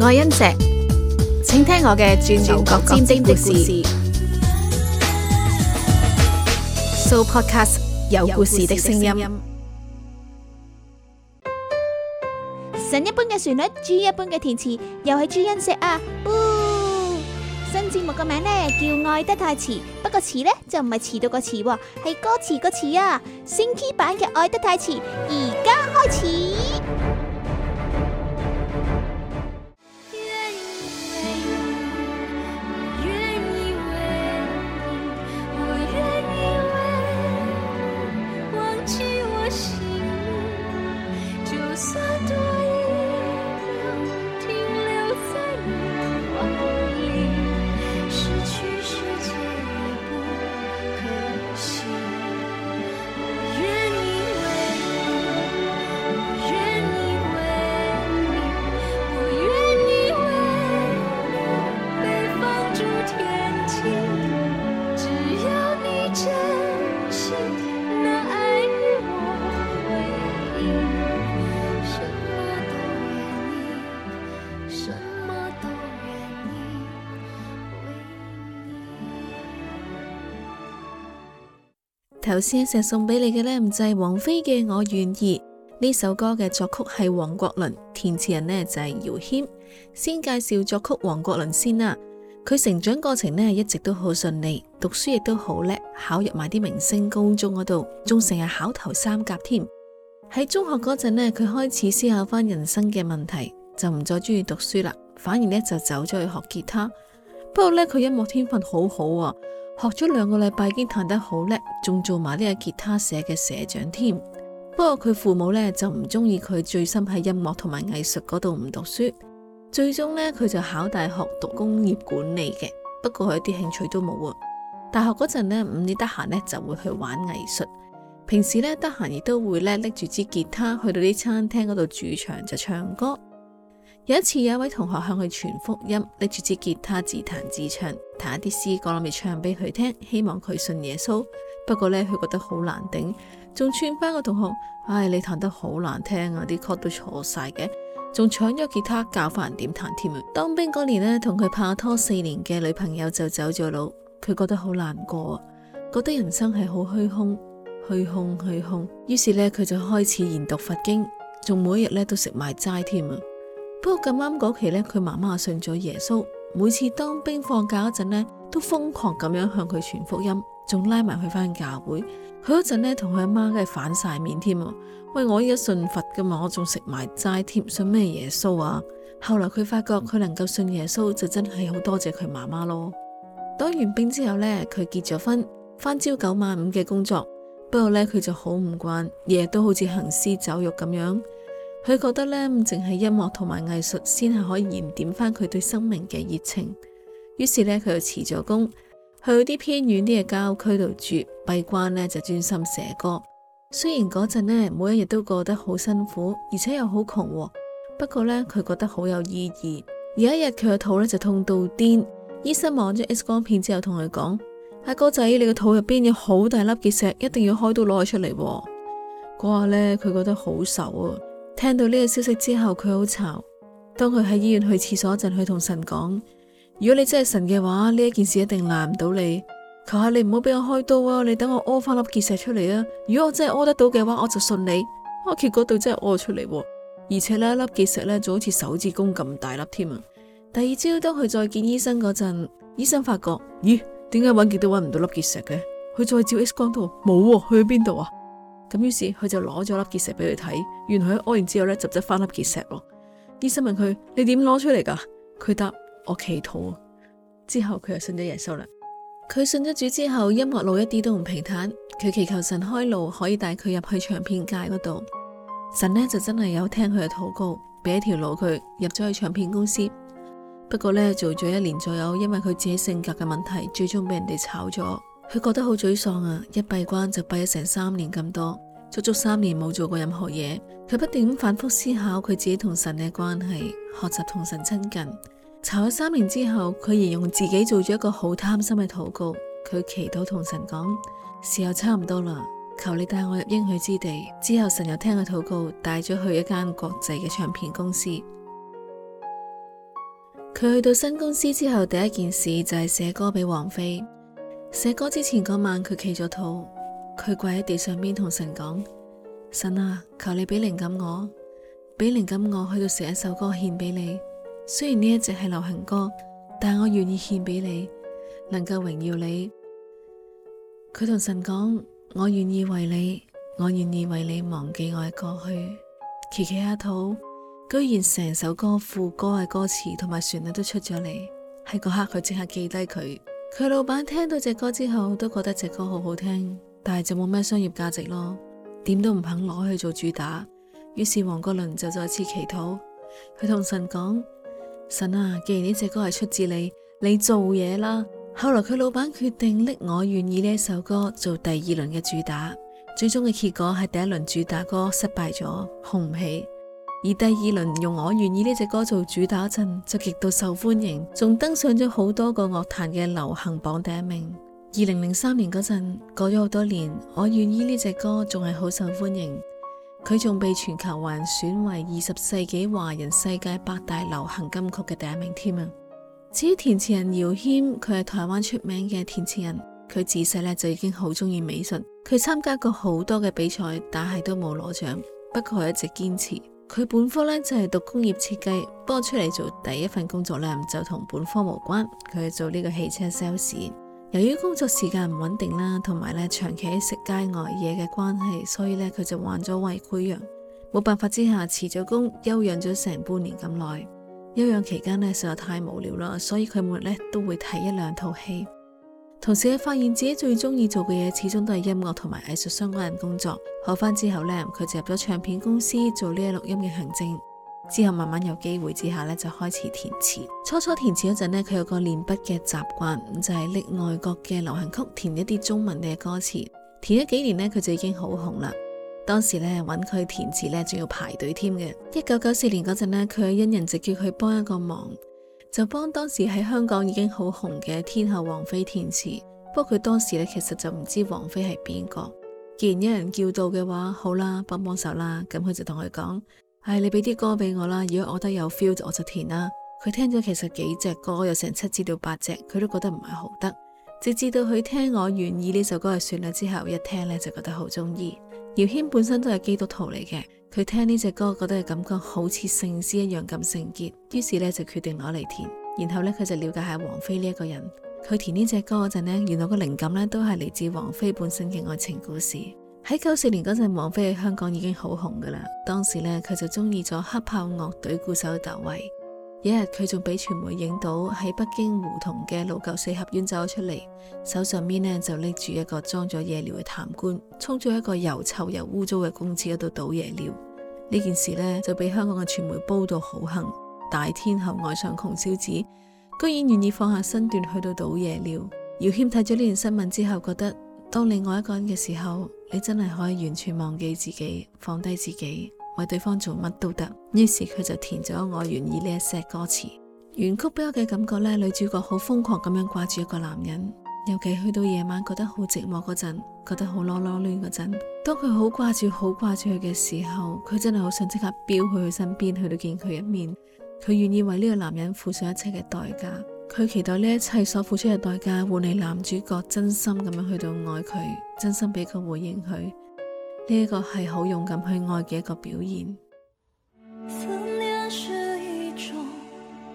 愛恩石，請聽我嘅轉轉角尖尖的故事。So podcast 有故事的聲音。神一般嘅旋律，G 一般嘅填詞，又係朱恩石啊！新節目嘅名呢，叫愛得太遲，不過詞呢，就唔係遲到個遲，係歌詞個詞啊，升 Key 版嘅愛得太遲，而家開始。頭先成送俾你嘅呢，唔就係王菲嘅《我願意》呢首歌嘅作曲係黃國倫，填詞人呢就係姚謙。先介紹作曲黃國倫先啦，佢成長過程呢一直都好順利，讀書亦都好叻，考入埋啲明星高中嗰度，仲成日考頭三甲添。喺中學嗰陣呢，佢開始思考翻人生嘅問題，就唔再中意讀書啦，反而呢就走咗去學吉他。不過呢，佢音樂天分好好啊。學咗兩個禮拜已經彈得好叻，仲做埋呢個吉他社嘅社長添。不過佢父母咧就唔中意佢醉心喺音樂同埋藝術嗰度唔讀書，最終咧佢就考大學讀工業管理嘅。不過佢一啲興趣都冇啊。大學嗰陣咧，五年得閒咧就會去玩藝術，平時咧得閒亦都會咧拎住支吉他去到啲餐廳嗰度駐場就唱歌。有一次，有一位同學向佢傳福音，拎住支吉他自彈自唱，彈一啲詩，講咪唱俾佢聽，希望佢信耶穌。不過呢，佢覺得好難頂，仲串翻個同學，唉、哎，你彈得好難聽啊，啲曲都錯晒嘅，仲搶咗吉他教翻人點彈添啊。當兵嗰年呢，同佢拍拖四年嘅女朋友就走咗佬，佢覺得好難過，覺得人生係好虛空，虛空，虛空。於是呢，佢就開始研讀佛經，仲每日呢都食埋齋添啊。不過咁啱嗰期咧，佢媽媽信咗耶穌，每次當兵放假嗰陣呢，都瘋狂咁樣向佢傳福音，仲拉埋去翻教會。佢嗰陣呢，同佢阿媽梗係反晒面添啊！喂，我依家信佛噶嘛，我仲食埋齋添，信咩耶穌啊？後來佢發覺佢能夠信耶穌，就真係好多謝佢媽媽咯。當完兵之後呢，佢結咗婚，翻朝九晚五嘅工作，不過呢，佢就好唔慣，日日都好似行屍走肉咁樣。佢覺得咧，淨係音樂同埋藝術先係可以燃點翻佢對生命嘅熱情。於是咧，佢就辭咗工，去啲偏遠啲嘅郊區度住閉關咧，就專心寫歌。雖然嗰陣咧，每一日都過得好辛苦，而且又好窮喎、哦。不過咧，佢覺得好有意義。有一日，佢個肚咧就痛到癲，醫生望咗 X 光片之後，同佢講：阿哥仔，你個肚入邊有好大粒結石，一定要開刀攞佢出嚟、哦。嗰日咧，佢覺得好愁啊！聽到呢個消息之後，佢好嘈。當佢喺醫院去廁所嗰陣，佢同神講：如果你真係神嘅話，呢件事一定難唔到你。求下你唔好俾我開刀啊！你等我屙翻粒結石出嚟啊！如果我真係屙得到嘅話，我就信你。屙結果對真係屙出嚟、啊，而且咧粒結石咧就好似手指公咁大粒添。第二朝當佢再見醫生嗰陣，醫生發覺咦，點解搵極都搵唔到粒結石嘅？佢再照 X 光都冇、啊，去邊度啊？咁於是佢就攞咗粒結石俾佢睇，原來佢屙完之後呢，就執翻粒結石咯。醫生問佢：你點攞出嚟噶？佢答：我祈禱啊。之後佢又信咗耶穌啦。佢信咗主之後，音樂路一啲都唔平坦。佢祈求神開路，可以帶佢入去唱片界嗰度。神呢就真係有聽佢嘅禱告，俾一條路佢入咗去唱片公司。不過呢，做咗一年左右，因為佢自己性格嘅問題，最終俾人哋炒咗。佢覺得好沮喪啊！一閉關就閉咗成三年咁多。足足三年冇做過任何嘢，佢不斷反覆思考佢自己同神嘅關係，學習同神親近。查咗三年之後，佢形容自己做咗一個好貪心嘅禱告。佢祈禱同神講：時候差唔多啦，求你帶我入應許之地。之後神又聽佢禱告，帶咗去一間國際嘅唱片公司。佢去到新公司之後，第一件事就係寫歌俾王菲。寫歌之前嗰晚，佢祈咗禱。佢跪喺地上邊同神講，神啊，求你俾靈感我，俾靈感我去到寫一首歌獻俾你。雖然呢一隻係流行歌，但我願意獻俾你，能夠榮耀你。佢同神講，我願意為你，我願意為你忘記我嘅過去。琪琪阿土居然成首歌副歌嘅歌詞同埋旋律都出咗嚟，喺嗰刻佢即刻記低佢。佢老闆聽到隻歌之後都覺得隻歌好好聽。但係就冇咩商業價值咯，點都唔肯攞去做主打。於是王國倫就再次祈禱，佢同神講：神啊，既然呢隻歌係出自你，你做嘢啦。後來佢老闆決定拎「我願意」呢一首歌做第二輪嘅主打，最終嘅結果係第一輪主打歌失敗咗，紅唔起；而第二輪用我願意呢隻歌做主打陣，就極度受歡迎，仲登上咗好多個樂壇嘅流行榜第一名。二零零三年嗰陣，過咗好多年，我願意呢隻歌仲係好受歡迎，佢仲被全球華人選為二十世紀華人世界八大流行金曲嘅第一名添啊！至於填詞人姚謙，佢係台灣出名嘅填詞人，佢自細咧就已經好中意美術，佢參加過好多嘅比賽，但係都冇攞獎，不過佢一直堅持。佢本科咧就係讀工業設計，不過出嚟做第一份工作咧就同本科無關，佢做呢個汽車 sales。由於工作時間唔穩定啦，同埋咧長期喺食街外嘢嘅關係，所以咧佢就患咗胃潰瘍。冇辦法之下辭咗工，休養咗成半年咁耐。休養期間咧，實在太無聊啦，所以佢每日咧都會睇一兩套戲。同時，佢發現自己最中意做嘅嘢始終都係音樂同埋藝術相關嘅工作。學返之後咧，佢就入咗唱片公司做呢啲錄音嘅行政。之後慢慢有機會之下咧，就開始填詞。初初填詞嗰陣呢，佢有個練筆嘅習慣，咁就係拎外國嘅流行曲填一啲中文嘅歌詞。填咗幾年呢，佢就已經好紅啦。當時呢，揾佢填詞呢，仲要排隊添嘅。一九九四年嗰陣呢，佢恩人就叫佢幫一個忙，就幫當時喺香港已經好紅嘅天后王菲填詞。不過佢當時呢，其實就唔知王菲係邊個。既然有人叫到嘅話，好啦，幫幫手啦，咁佢就同佢講。唉、哎，你俾啲歌俾我啦，如果我覺得有 feel，我就填啦。佢聽咗其實幾隻歌，有成七至到八隻，佢都覺得唔係好得。直至到佢聽我願意呢首歌係算啦之後，一聽呢就覺得好中意。姚謙本身都係基督徒嚟嘅，佢聽呢隻歌覺得嘅感覺好似聖詩一樣咁聖潔，於是呢就決定攞嚟填。然後呢，佢就了解下王菲呢一個人。佢填呢隻歌嗰陣呢，原來個靈感呢都係嚟自王菲本身嘅愛情故事。喺九四年嗰陣，王菲喺香港已經好紅噶啦。當時呢，佢就中意咗黑豹樂隊鼓手竇唯。有一日佢仲俾傳媒影到喺北京胡同嘅老舊四合院走咗出嚟，手上面呢就拎住一個裝咗夜尿嘅痰罐，沖咗一個又臭又污糟嘅公廁嗰度倒夜尿。呢件事呢，就俾香港嘅傳媒煲到好幸。大天后愛上窮小子，居然願意放下身段去到倒夜尿。姚謙睇咗呢件新聞之後，覺得當另外一個人嘅時候。你真係可以完全忘記自己，放低自己，為對方做乜都得。於是佢就填咗我願意呢一 set 歌詞，原曲畀我嘅感覺呢，女主角好瘋狂咁樣掛住一個男人，尤其去到夜晚覺得好寂寞嗰陣，覺得好囉囉攣嗰陣，當佢好掛住好掛住佢嘅時候，佢真係好想即刻飆去佢身邊，去到見佢一面，佢願意為呢個男人付上一切嘅代價。佢期待呢一切所付出嘅代價換嚟男主角真心咁樣去到愛佢，真心俾佢回應佢，呢一個係好勇敢去愛嘅一個表現。思念是一種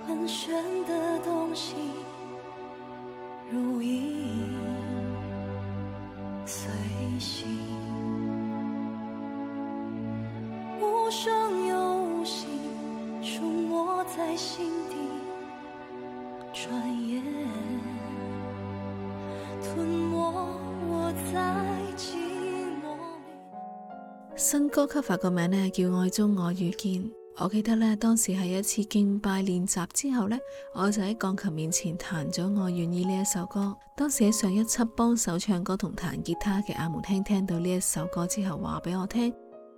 很玄嘅東西，如影隨形，無聲又無息，出沒在心底。新歌曲發個名呢，叫《愛中我遇見》，我記得咧，當時係一次敬拜練習之後呢，我就喺鋼琴面前彈咗《我願意》呢一首歌。當時喺上一輯幫手唱歌同彈吉他嘅阿門兄聽到呢一首歌之後話俾我聽，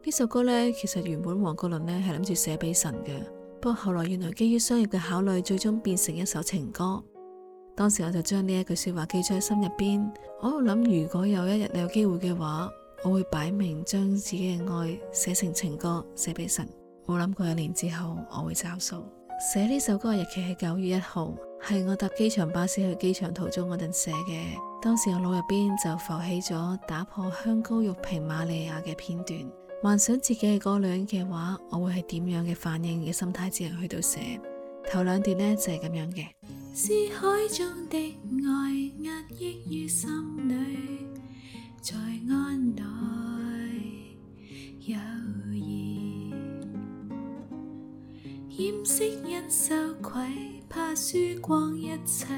呢首歌呢，其實原本黃國倫呢係諗住寫俾神嘅。不過後來，原來基於商業嘅考慮，最終變成一首情歌。當時我就將呢一句說話記在心入邊，我喺度諗，如果有一日你有機會嘅話，我會擺明將自己嘅愛寫成情歌，寫俾神。冇諗過一年之後我會找數。寫呢首歌嘅日期係九月一號，係我搭機場巴士去機場途中嗰陣寫嘅。當時我腦入邊就浮起咗打破香膏玉瓶瑪利亞嘅片段。幻想自己係嗰女人嘅話，我會係點樣嘅反應嘅心態，只能去到寫頭兩段呢，就係、是、咁樣嘅。思海中的愛壓抑於心裡安猶疑掩飾因羞愧怕輸光一怕光切，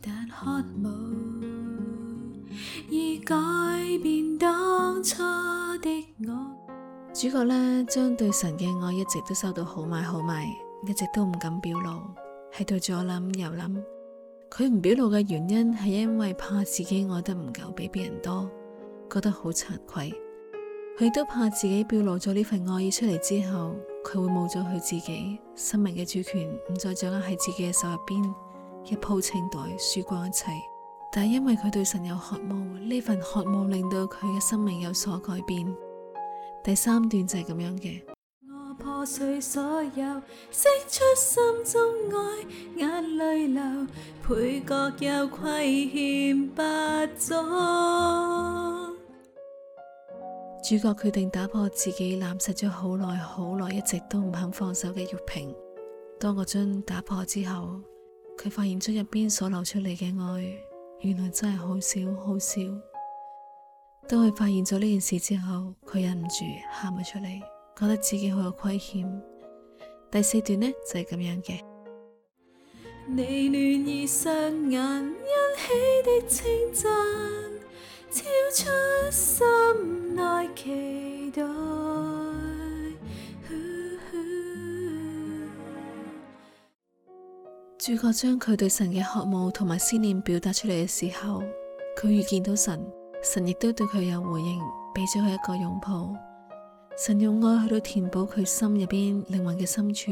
但渴望已改變當初。」主角呢將對神嘅愛一直都收到好埋好埋，一直都唔敢表露，喺度左諗右諗。佢唔表露嘅原因係因為怕自己愛得唔夠比別人多，覺得好慚愧。佢都怕自己表露咗呢份愛意出嚟之後，佢會冇咗佢自己生命嘅主權，唔再掌握喺自己嘅手入邊，一鋪清袋輸光一切。但係因為佢對神有渴望，呢份渴望令到佢嘅生命有所改變。第三段就係咁樣嘅。我破碎所有，釋出心中愛，眼淚流，配角又愧欠。主角決定打破自己攬實咗好耐好耐一直都唔肯放手嘅玉瓶。當個樽打破之後，佢發現樽入邊所流出嚟嘅愛，原來真係好少好少。當佢發現咗呢件事之後，佢忍唔住喊咗出嚟，覺得自己好有虧欠。第四段呢就係、是、咁樣嘅。你暖意雙眼，欣起的清真，超出心內期待。主角 g 佢將佢對神嘅渴望同埋思念表達出嚟嘅時候，佢遇見到神。神亦都對佢有回應，俾咗佢一個擁抱。神用愛去到填補佢心入邊靈魂嘅深處，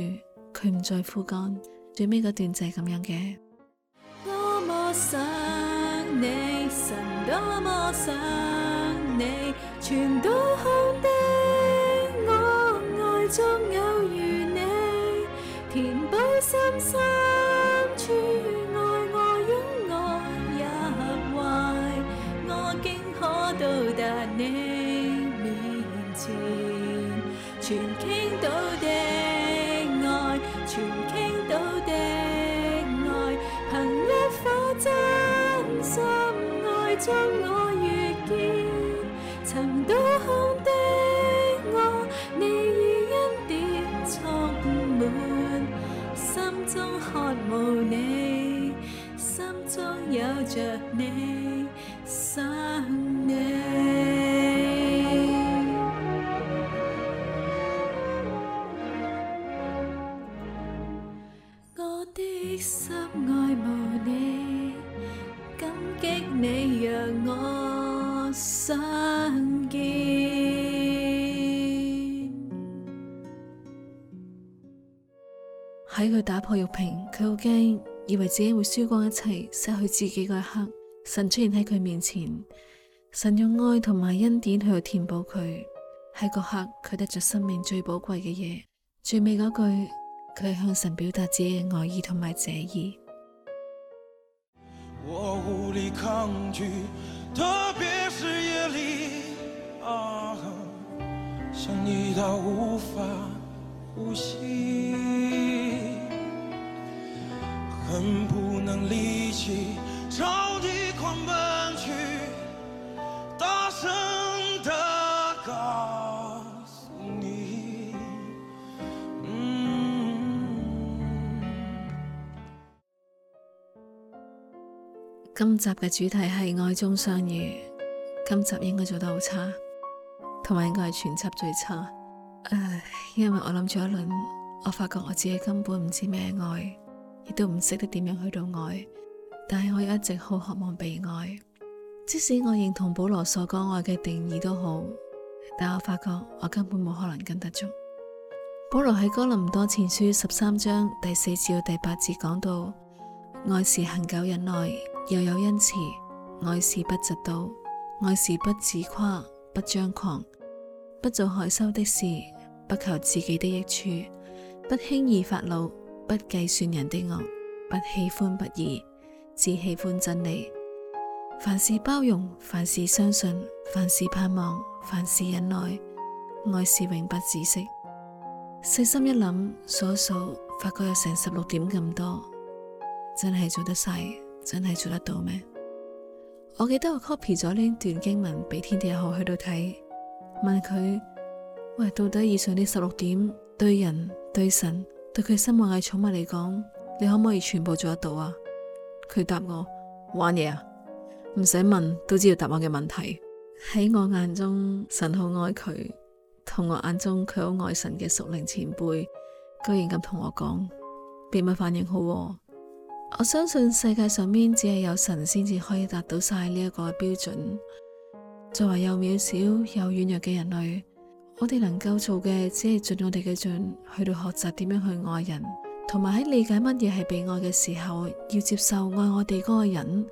佢唔再枯乾。最尾嗰段就係咁樣嘅。多麼想你，神多麼想你，全都肯定，我愛中有如你，填補心心處。全傾倒。打破玉瓶，佢好驚，以為自己會輸光一切，失去自己嗰一刻，神出現喺佢面前，神用愛同埋恩典去到填補佢，喺個刻佢得着生命最寶貴嘅嘢，最尾嗰句，佢向神表達自己嘅愛意同埋謝意。我無力抗拒，特別是夜裡。啊、無法呼吸。今集嘅主題係愛中相遇，今集應該做得好差，同埋應該係全集最差。唉、呃，因為我諗咗一輪，我發覺我自己根本唔知咩愛。亦都唔識得點樣去到愛，但係我一直好渴望被愛。即使我認同保羅所講愛嘅定義都好，但我發覺我根本冇可能跟得足。保羅喺哥林多前書十三章第四至第八節講到：愛是恆久忍耐，又有恩慈；愛是不嫉妒；愛是不自誇，不張狂，不做害羞的事，不求自己的益處，不輕易發怒。不計算人的惡，不喜歡不義，只喜歡真理。凡事包容，凡事相信，凡事盼望，凡事忍耐。愛是永不止息。細心一諗，數數發覺有成十六點咁多，真係做得晒，真係做得到咩？我記得我 copy 咗呢段經文畀天地浩去到睇，問佢：喂，到底以上呢十六點對人對神？對佢心愛嘅寵物嚟講，你可唔可以全部做得到啊？佢答我玩嘢啊，唔使問都知道答案嘅問題。喺我眼中，神好愛佢；同我眼中，佢好愛神嘅屬靈前輩，居然咁同我講，別物反應好、啊。我相信世界上面只係有神先至可以達到晒呢一個標準。作為又渺小又軟弱嘅人類。我哋能夠做嘅，只係盡我哋嘅盡去到學習點樣去愛人，同埋喺理解乜嘢係被愛嘅時候，要接受愛我哋嗰個人。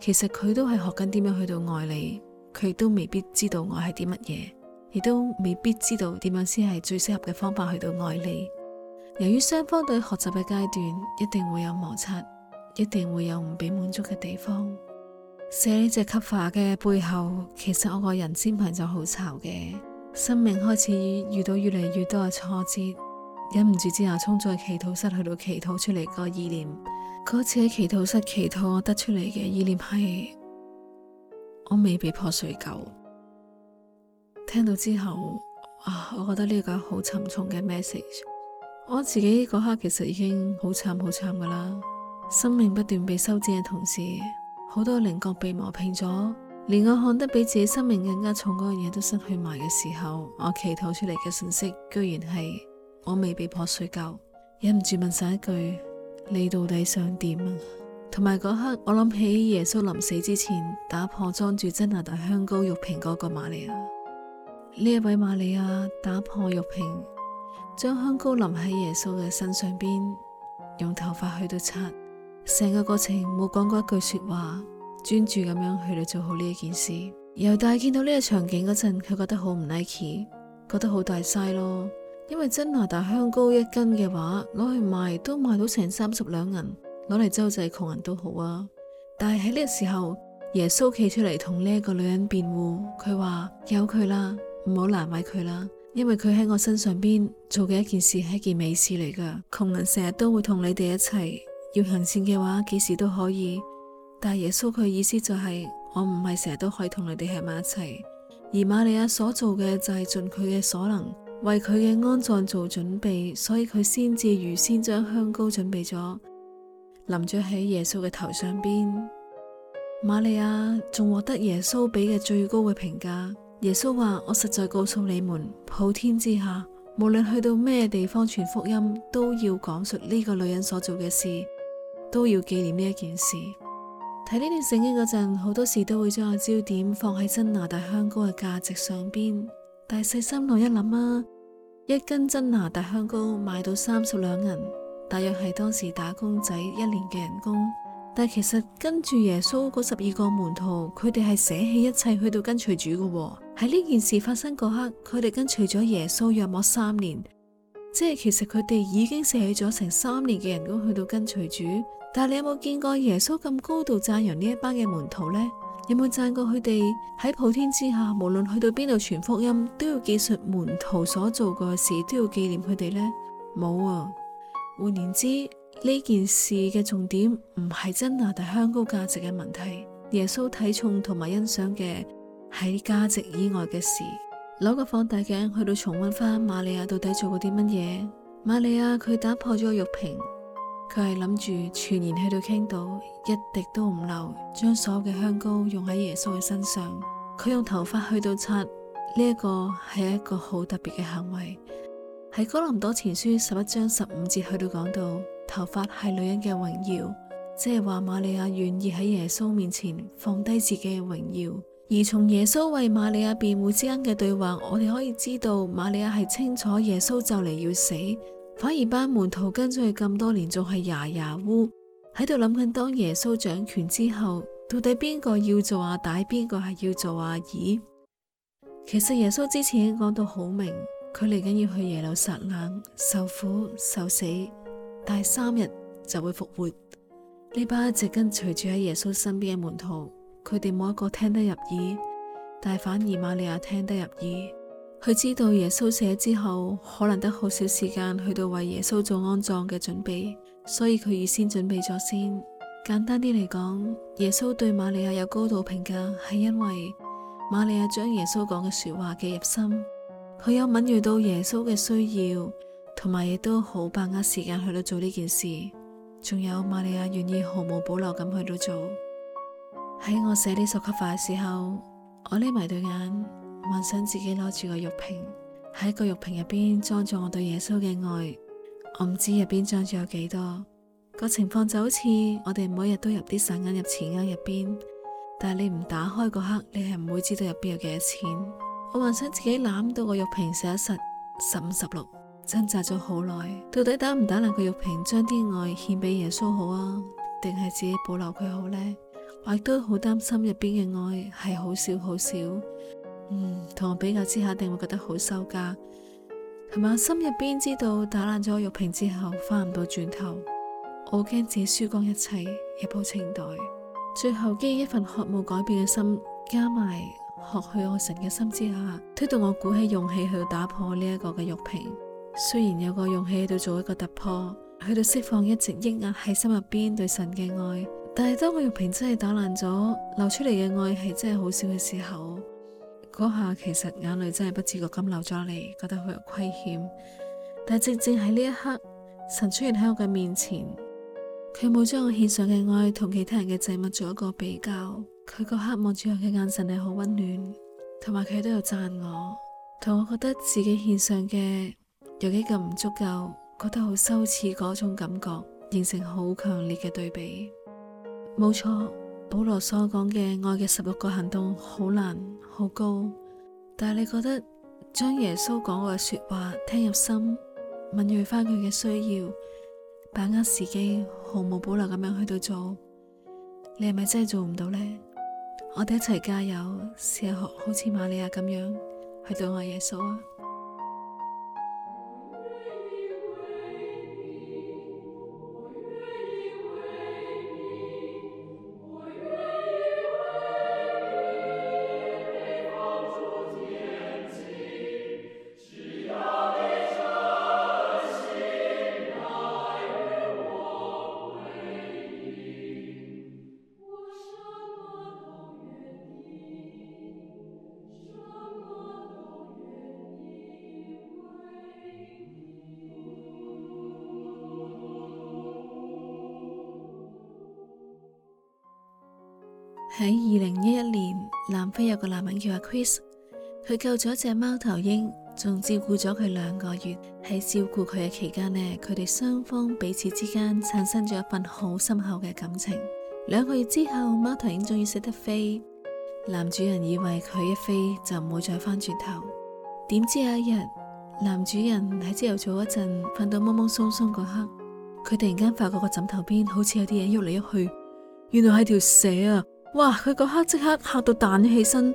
其實佢都係學緊點樣去到愛你，佢都未必知道愛係啲乜嘢，亦都未必知道點樣先係最適合嘅方法去到愛你。由於雙方對學習嘅階段一定會有摩擦，一定會有唔俾滿足嘅地方。寫呢隻啟發嘅背後，其實我個人先係就好嘈嘅。生命開始遇到越嚟越多嘅挫折，忍唔住之下衝咗去祈禱室去到祈禱，出嚟個意念，嗰次喺祈禱室祈禱，我得出嚟嘅意念係我未被破碎夠。聽到之後啊，我覺得呢個好沉重嘅 message。我自己嗰刻其實已經好慘好慘㗎喇，生命不斷被修剪嘅同時，好多稜角被磨平咗。連我看得比自己生命更加重嗰樣嘢，都失去埋嘅時候，我祈禱出嚟嘅信息，居然係我未被破碎夠，忍唔住問上一句：你到底想點啊？同埋嗰刻，我諗起耶穌臨死之前打破裝住真哪噠香膏玉瓶嗰個瑪利亞，呢一位瑪利亞打破玉瓶，將香膏淋喺耶穌嘅身上邊，用頭髮去到擦，成個過程冇講過一句說話。專注咁樣去到做好呢件事，然後但係見到呢個場景嗰陣，佢覺得好唔 Nike，覺得好大嘥咯。因為真哪噠香膏一斤嘅話，攞去賣都賣到成三十兩銀，攞嚟周濟窮人都好啊。但係喺呢個時候，耶穌企出嚟同呢一個女人辯護，佢話有佢啦，唔好難為佢啦，因為佢喺我身上邊做嘅一件事係一件美事嚟噶。窮人成日都會同你哋一齊，要行善嘅話，幾時都可以。但耶穌佢意思就係、是、我唔係成日都可以同你哋喺埋一齊，而瑪利亞所做嘅就係盡佢嘅所能為佢嘅安葬做準備，所以佢先至預先將香膏準備咗，淋著喺耶穌嘅頭上邊。瑪利亞仲獲得耶穌俾嘅最高嘅評價。耶穌話：我實在告訴你們，普天之下無論去到咩地方傳福音，都要講述呢個女人所做嘅事，都要紀念呢一件事。喺呢段聖經嗰陣，好多時都會將個焦點放喺真拿大香膏嘅價值上邊，但係細心諗一諗啊，一斤真拿大香膏賣到三十兩銀，大約係當時打工仔一年嘅人工。但其實跟住耶穌嗰十二個門徒，佢哋係捨棄一切去到跟隨主嘅喎。喺呢件事發生嗰刻，佢哋跟隨咗耶穌約莫三年。即係其實佢哋已經捨咗成三年嘅人工去到跟隨主，但係你有冇見過耶穌咁高度讚揚呢一班嘅門徒咧？有冇讚過佢哋喺普天之下，無論去到邊度傳福音，都要記述門徒所做過嘅事，都要紀念佢哋咧？冇啊！換言之，呢件事嘅重點唔係真哪噠香膏價值嘅問題，耶穌睇重同埋欣賞嘅係價值以外嘅事。攞個放大鏡去到重温返瑪利亞到底做過啲乜嘢？瑪利亞佢打破咗個玉瓶，佢係諗住全然去到傾倒一滴都唔留，將所有嘅香膏用喺耶穌嘅身上。佢用頭髮去到擦呢一個係，一個好特別嘅行為。喺哥林多前書十一章十五節去到講到，頭髮係女人嘅榮耀，即係話瑪利亞願意喺耶穌面前放低自己嘅榮耀。而從耶穌為瑪利亞辯護之間嘅對話，我哋可以知道瑪利亞係清楚耶穌就嚟要死，反而班門徒跟住佢咁多年，仲係牙牙烏喺度諗緊，當耶穌掌權之後，到底邊個要做阿大，邊個係要做阿二？其實耶穌之前講到好明，佢嚟緊要去耶路撒冷受苦受死，第三日就會復活。呢班一直跟隨住喺耶穌身邊嘅門徒。佢哋冇一個聽得入耳，但反而瑪利亞聽得入耳。佢知道耶穌死之後，可能得好少時間去到為耶穌做安葬嘅準備，所以佢預先準備咗先。簡單啲嚟講，耶穌對瑪利亞有高度評價，係因為瑪利亞將耶穌講嘅說話記入心，佢有敏銳到耶穌嘅需要，同埋亦都好把握時間去到做呢件事。仲有瑪利亞願意毫無保留咁去到做。喺我寫呢首歌法嘅時候，我匿埋對眼，幻想自己攞住個玉瓶，喺個玉瓶入邊裝住我對耶穌嘅愛。我唔知入邊裝住有幾多，個情況就好似我哋每日都入啲散銀入錢罌入邊，但係你唔打開嗰刻，你係唔會知道入邊有幾多錢。我幻想自己攬到個玉瓶，十、一、十、十五、十六，掙扎咗好耐，到底打唔打爛個玉瓶，將啲愛獻俾耶穌好啊，定係自己保留佢好呢？我都好擔心入邊嘅愛係好少好少，嗯，同我比較之下一定會覺得好羞家。同埋我心入邊知道打爛咗玉瓶之後翻唔到轉頭，我驚自己輸光一切，一鋪清袋。最後基於一份渴望改變嘅心，加埋學去愛神嘅心之下，推動我鼓起勇氣去打破呢一個嘅玉瓶。雖然有個勇氣喺度做一個突破，去到釋放一直抑壓喺心入邊對神嘅愛。但係當我玉瓶真係打爛咗，流出嚟嘅愛係真係好少嘅時候，嗰 下其實眼淚真係不自覺咁流咗嚟，覺得好有虧欠。但係正正喺呢一刻，神出現喺我嘅面前，佢冇將我獻上嘅愛同其他人嘅祭物做一個比較，佢嗰刻望住我嘅眼神係好溫暖，同埋佢都有讚我，同我覺得自己獻上嘅有幾咁唔足夠，覺得好羞恥嗰種感覺，形成好強烈嘅對比。冇錯，保羅所講嘅愛嘅十六個行動好難、好高，但係你覺得將耶穌講嘅說話聽入心，敏銳翻佢嘅需要，把握時機，毫無保留咁樣去到做，你係咪真係做唔到咧？我哋一齊加油，試下學好似瑪利亞咁樣去到愛耶穌啊！喺二零一一年，南非有個男人叫阿 Chris，佢救咗隻貓頭鷹，仲照顧咗佢兩個月。喺照顧佢嘅期間呢，佢哋雙方彼此之間產生咗一份好深厚嘅感情。兩個月之後，貓頭鷹終於識得飛，男主人以為佢一飛就唔會再返轉頭。點知有一日，男主人喺朝頭早一陣瞓到懵懵鬆鬆嗰刻，佢突然間發覺個枕頭邊好似有啲嘢喐嚟喐去，原來係條蛇啊！哇！佢嗰刻即刻吓到彈起身，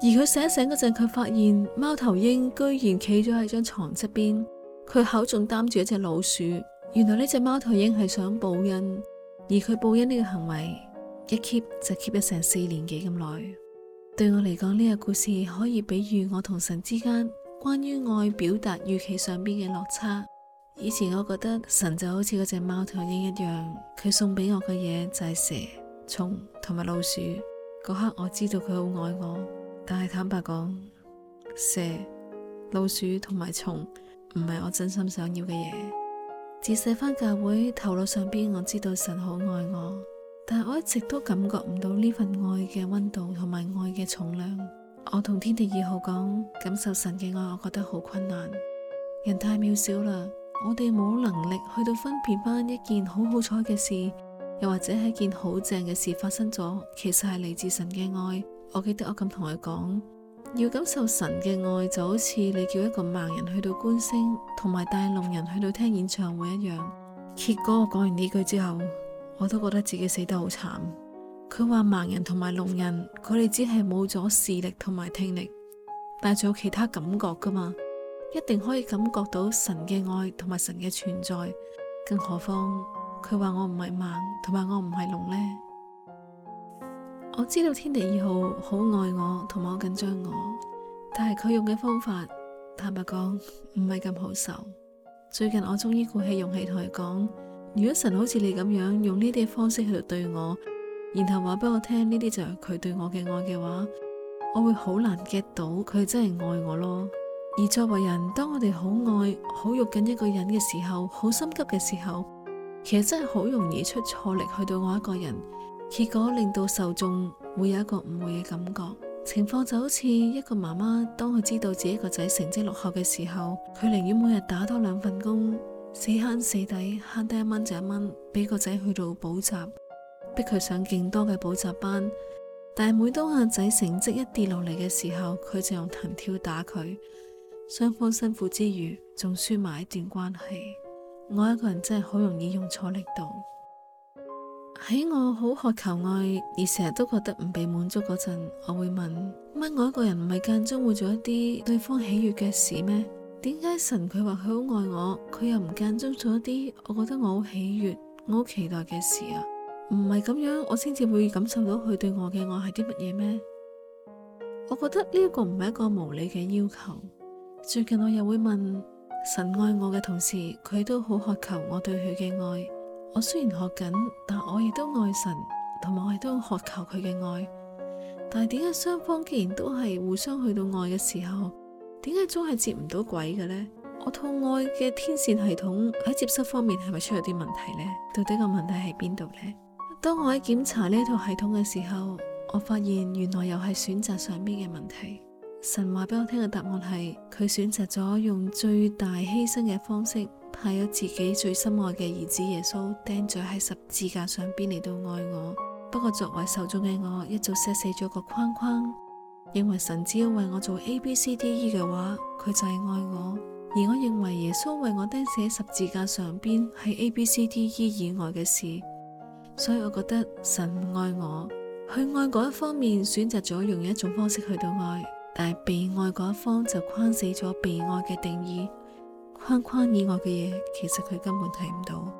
而佢醒一醒嗰陣，佢發現貓頭鷹居然企咗喺張床側邊，佢口仲擔住一隻老鼠。原來呢隻貓頭鷹係想報恩，而佢報恩呢個行為，一 keep 就 keep 咗成四年幾咁耐。對我嚟講，呢個故事可以比喻我同神之間關於愛表達預期上邊嘅落差。以前我覺得神就好似嗰隻貓頭鷹一樣，佢送俾我嘅嘢就係蛇。蟲同埋老鼠嗰刻，我知道佢好愛我，但係坦白講，蛇、老鼠同埋蟲唔係我真心想要嘅嘢。自細返教會頭腦上邊，我知道神好愛我，但係我一直都感覺唔到呢份愛嘅温度同埋愛嘅重量。我同天地二號講，感受神嘅愛，我覺得好困難，人太渺小啦，我哋冇能力去到分辨翻一件好好彩嘅事。又或者係件好正嘅事發生咗，其實係嚟自神嘅愛。我記得我咁同佢講，要感受神嘅愛就好似你叫一個盲人去到觀星，同埋帶聾人去到聽演唱會一樣。結果我講完呢句之後，我都覺得自己死得好慘。佢話盲人同埋聾人，佢哋只係冇咗視力同埋聽力，但係仲有其他感覺噶嘛，一定可以感覺到神嘅愛同埋神嘅存在，更何況。佢話我唔係盲，同埋我唔係聾呢。我知道天地二號好愛我，同埋好緊張我，但係佢用嘅方法，坦白講唔係咁好受。最近我終於鼓起勇氣同佢講：如果神好似你咁樣用呢啲嘅方式去對我，然後話俾我聽呢啲就係佢對我嘅愛嘅話，我會好難 get 到佢真係愛我咯。而作為人，當我哋好愛好肉緊一個人嘅時候，好心急嘅時候。其實真係好容易出錯力去到我一個人，結果令到受眾會有一個誤會嘅感覺。情況就好似一個媽媽，當佢知道自己個仔成績落後嘅時候，佢寧願每日打多兩份工，死慳死抵慳低一蚊就一蚊，俾個仔去到補習，逼佢上勁多嘅補習班。但係每當阿仔成績一跌落嚟嘅時候，佢就用藤條打佢，雙方辛苦之餘，仲輸埋一段關係。我一個人真係好容易用錯力度。喺我好渴求愛而成日都覺得唔被滿足嗰陣，我會問：乜我一個人唔係間中會做一啲對方喜悅嘅事咩？點解神佢話佢好愛我，佢又唔間中做一啲我覺得我好喜悅、我好期待嘅事啊？唔係咁樣，我先至會感受到佢對我嘅愛係啲乜嘢咩？我覺得呢一個唔係一個無理嘅要求。最近我又會問。神愛我嘅同時，佢都好渴求我對佢嘅愛。我雖然學緊，但我亦都愛神，同埋我亦都渴求佢嘅愛。但係點解雙方既然都係互相去到愛嘅時候，點解總係接唔到軌嘅呢？我套愛嘅天線系統喺接收方面係咪出咗啲問題呢？到底個問題喺邊度呢？當我喺檢查呢套系統嘅時候，我發現原來又係選擇上邊嘅問題。神話俾我聽嘅答案係，佢選擇咗用最大犧牲嘅方式，派咗自己最心愛嘅兒子耶穌釘咗喺十字架上邊嚟到愛我。不過作爲受造嘅我，一早寫死咗個框框，認爲神只要爲我做 A、B、C、D、E 嘅話，佢就係愛我。而我認爲耶穌爲我釘死喺十字架上邊係 A、B、C、D、E 以外嘅事，所以我覺得神愛我，去愛嗰一方面選擇咗用一種方式去到愛。但係被愛嗰一方就框死咗被愛嘅定義，框框以外嘅嘢其實佢根本睇唔到。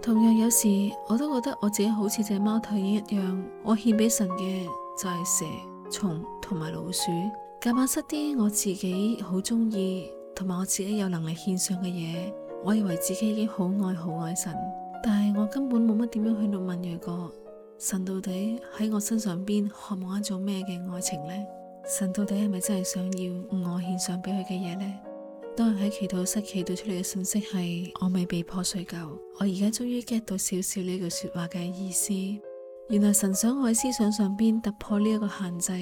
同樣有時我都覺得我自己好似隻貓頭鷹一樣，我獻俾神嘅就係、是、蛇、蟲同埋老鼠，夾硬塞啲我自己好中意同埋我自己有能力獻上嘅嘢，我以為自己已經好愛好愛神，但係我根本冇乜點樣去度問，若果神到底喺我身上邊渴望一種咩嘅愛情呢？神到底係咪真係想要我獻上俾佢嘅嘢呢？當日喺祈禱室祈，祈禱出嚟嘅信息係：我未被破碎夠，我而家終於 get 到少少呢句說話嘅意思。原來神想我喺思想上邊突破呢一個限制。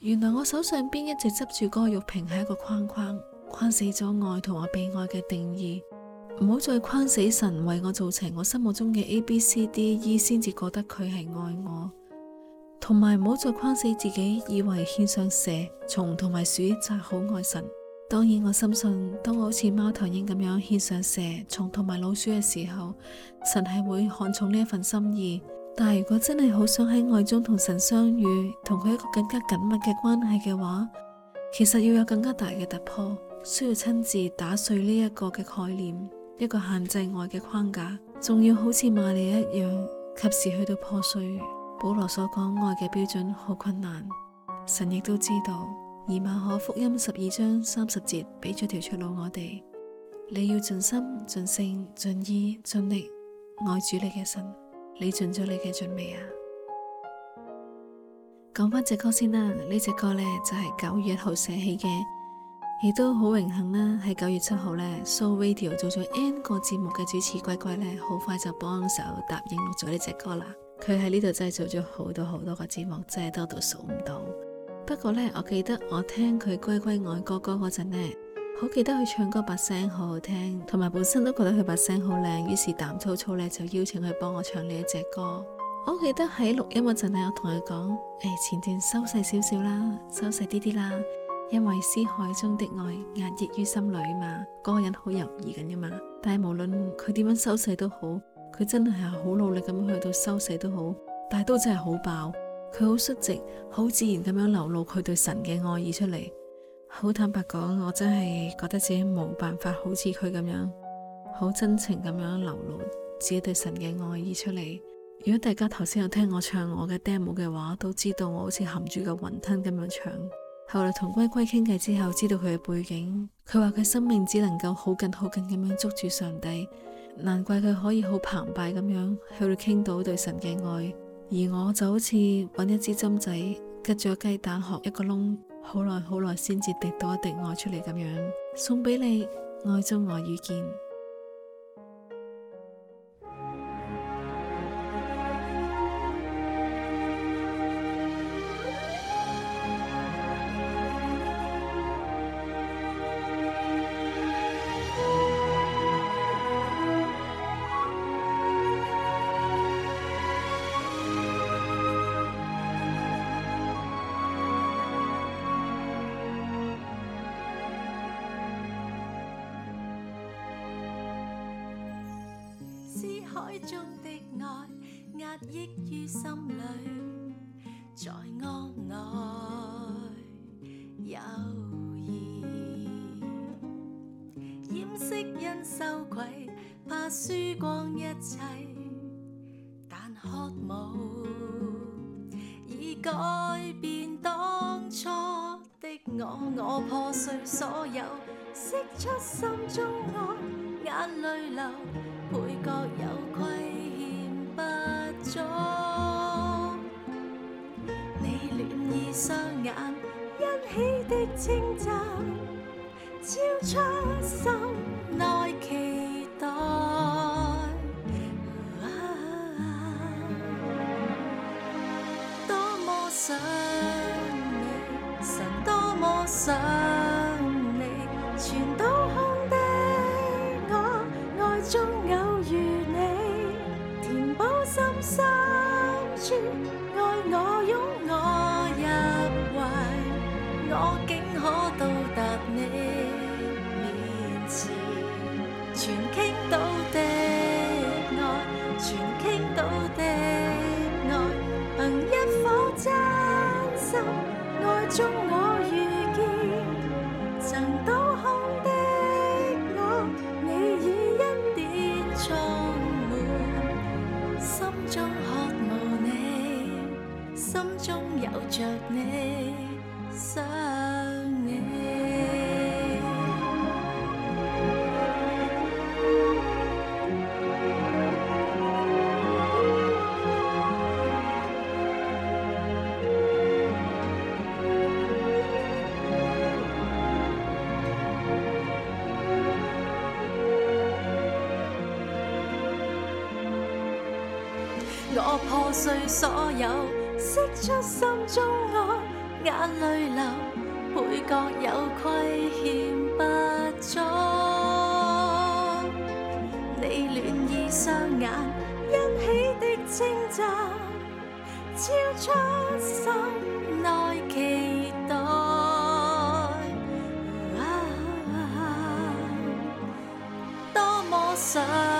原來我手上邊一直執住嗰個玉瓶係一個框框，框死咗愛同我被愛嘅定義。唔好再框死神為我做成我心目中嘅 A、B、C、D、E 先至覺得佢係愛我。同埋唔好再框死自己，以為獻上蛇、蟲同埋鼠就係好愛神。當然我深信，當我好似貓頭鷹咁樣獻上蛇、蟲同埋老鼠嘅時候，神係會看重呢一份心意。但係如果真係好想喺愛中同神相遇，同佢一個更加緊密嘅關係嘅話，其實要有更加大嘅突破，需要親自打碎呢一個嘅概念，一個限制愛嘅框架，仲要好似瑪利一樣，及時去到破碎。保羅所講愛嘅標準好困難，神亦都知道。而馬可福音十二章三十節俾咗條出路我哋，你要盡心、盡性、盡意、盡力愛主你嘅神。你盡咗你嘅盡未啊？講翻隻歌先啦，呢隻歌呢，就係九月一號寫起嘅，亦都好榮幸啦，喺九月七號呢 So Radio 做咗 N 個節目嘅主持龜龜，乖乖呢，好快就幫手答應錄咗呢隻歌啦。佢喺呢度製作咗好多好多個節目，真係多到數唔到。不過咧，我記得我聽佢《乖乖愛哥哥》嗰陣咧，好記得佢唱歌把聲好好聽，同埋本身都覺得佢把聲好靚。於是膽粗粗咧就邀請佢幫我唱呢一隻歌。我記得喺錄音嗰陣啊，我同佢講：誒，前段收細少少啦，收細啲啲啦，因為思海中的愛壓抑於心裏嘛，個人好猶豫緊噶嘛。但係無論佢點樣收細都好。佢真係好努力咁樣去到收細都好，但係都真係好爆。佢好率直，好自然咁樣流露佢對神嘅愛意出嚟。好坦白講，我真係覺得自己冇辦法好似佢咁樣，好真情咁樣流露自己對神嘅愛意出嚟。如果大家頭先有聽我唱我嘅 demo 嘅話，都知道我好似含住個雲吞咁樣唱。後來同龜龜傾偈之後，知道佢嘅背景，佢話佢生命只能夠好緊好緊咁樣捉住上帝。難怪佢可以好澎湃咁樣去到傾到對神嘅愛，而我就好似搵一支針仔吉咗雞蛋殼一個窿，好耐好耐先至滴到一滴愛出嚟咁樣，送俾你愛中我遇見。羞愧，怕輸光一切，但渴望已改變當初的我。我破碎所有，釋出心中愛，眼淚流，配角有虧欠不足。你戀意雙眼，欣喜的稱讚，超出心。想你，神多麼想你，全都空的我，愛中偶遇你，填補心深處，愛我擁我入懷，我竟可到達你面前，全傾倒的我，全傾倒的。中我遇見曾倒空的我，你已恩典充滿，心中渴望你，心中有着你。中愛眼淚流，倍覺有虧欠不足。你暖意雙眼，欣喜的稱讚，超出心內期待。啊，多麼想。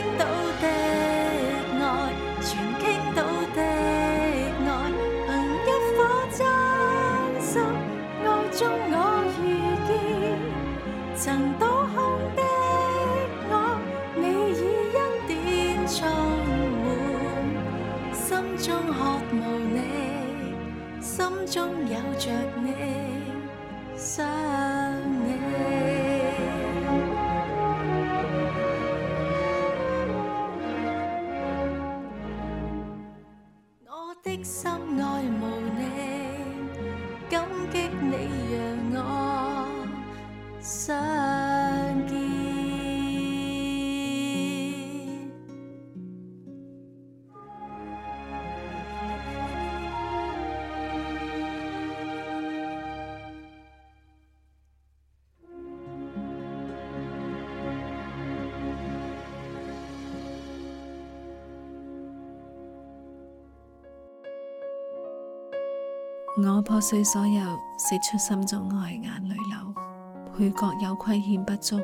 我破碎所有，釋出心中愛，眼淚流，配角有虧欠不足。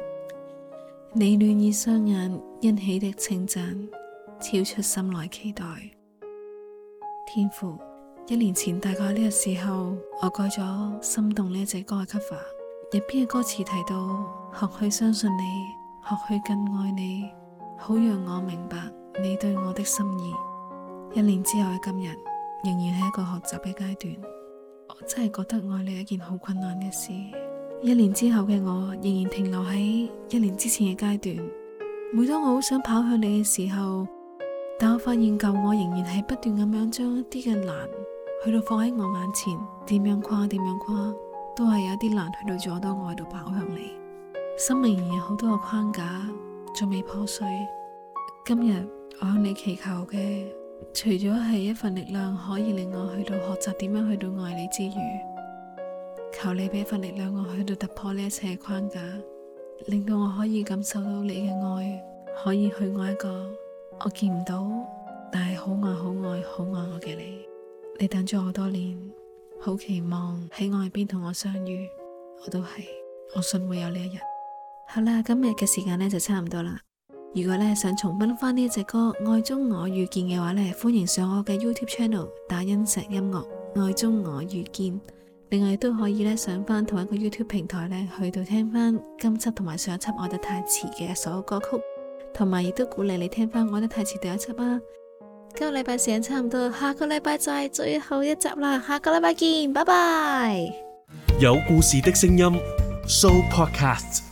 你暖意雙眼欣喜的稱讚，超出心內期待。天父，一年前大概呢個時候，我改咗心動呢一隻歌嘅 cover，入邊嘅歌詞提到學去相信你，學去更愛你，好讓我明白你對我的心意。一年之後嘅今日，仍然係一個學習嘅階段。我真係覺得愛你係一件好困難嘅事。一年之後嘅我仍然停留喺一年之前嘅階段。每當我好想跑向你嘅時候，但我發現舊我仍然係不斷咁樣將一啲嘅難去到放喺我眼前，點樣跨，點樣跨，都係有一啲難去到阻到我喺度跑向你。生命仍有好多個框架仲未破碎。今日我向你祈求嘅。除咗係一份力量，可以令我去到學習點樣去到愛你之餘，求你俾份力量，我去到突破呢一切框架，令到我可以感受到你嘅愛，可以去愛一個我見唔到，但係好愛，愛、好愛、好愛我嘅你。你等咗我多年，好期望喺外邊同我相遇，我都係，我信會有呢一日。好啦，今日嘅時間呢就差唔多啦。如果咧，想重温翻呢一隻歌《愛中我遇見》嘅話咧，歡迎上我嘅 YouTube Channel 打音石音樂《愛中我遇見》。另外都可以咧上翻同一個 YouTube 平台咧，去到聽翻今輯同埋上一輯愛得太遲嘅所有歌曲，同埋亦都鼓勵你聽翻愛得太遲第一輯啦、啊。今個禮拜時間差唔多，下個禮拜就係最後一集啦。下個禮拜見，拜拜。有故事的聲音 Show Podcast。